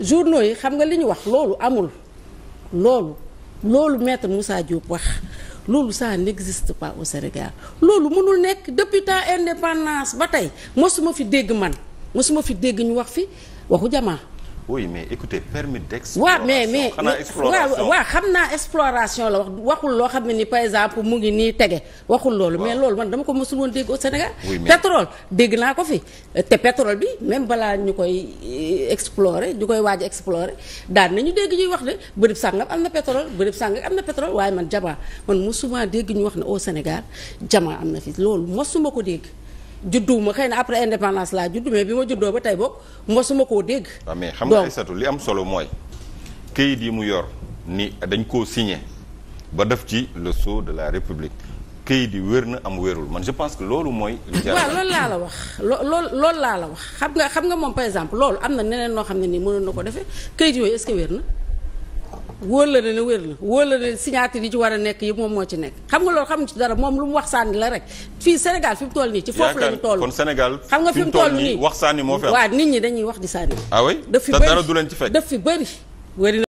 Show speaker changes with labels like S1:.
S1: journaux yi xam nga li ñu wax loolu amul loolu loolu maître Moussa Diop wax loolu ça n'existe pas au Sénégal loolu mënul nekk depuis temps indépendance ba tey mosuma fi dégg man mosuma fi dégg ñu wax fi waxu jamaa oui
S2: mais écoutez permis d'exploration.
S1: waaw mais mais waaw waaw xam naa exploration la wax waxul loo xam ne ni par exemple mu ngi nii tege waxul loolu. mais loolu man dama ko mësul woon dégg au Sénégal. pétrole dégg naa ko fi. te pétrole bi même balaa ñu koy euh, explorer ñu koy waaj explore explorer daan ñu dégg ñuy wax ne bërëb sàngam am na pétrole bërëb sàngam am na pétrole waaye man jamaa man mosuma dégg ñu wax ne au Sénégal jamaa am na fi loolu masuma ko dégg. judduwuma xëy na après indépendance laa juddu mais bi ma juddoo ba tey boog mosuma koo dégg.
S2: waaw ah, mais xam nga satu li am solo mooy kayit yi mu yor ni dañ koo signé ba def ci le soo de la République kayit yi wér na am wérul man je pense que loolu mooy. waaw loolu
S1: laa la wax lool lool laa la wax xam nga xam nga moom par exemple loolu am na neneen noo xam ne nii mënoon na ko defee kayit yooyu est-ce que wér na. wóor la ne ne wér la wóor la ne signature yi ci war a nekk yëpp moom moo ci nekk xam nga loolu xamuñ ci dara moom lu mu wax sànni la rek fii Sénégal fi mu toll nii ci foofu la ñu toll
S2: kon Sénégal xam nga fi mu toll nii wax sànni moo fi am waaw
S1: nit ñi dañuy wax di sànni
S2: ah oui daf fi bëri dara du leen ci
S1: fekk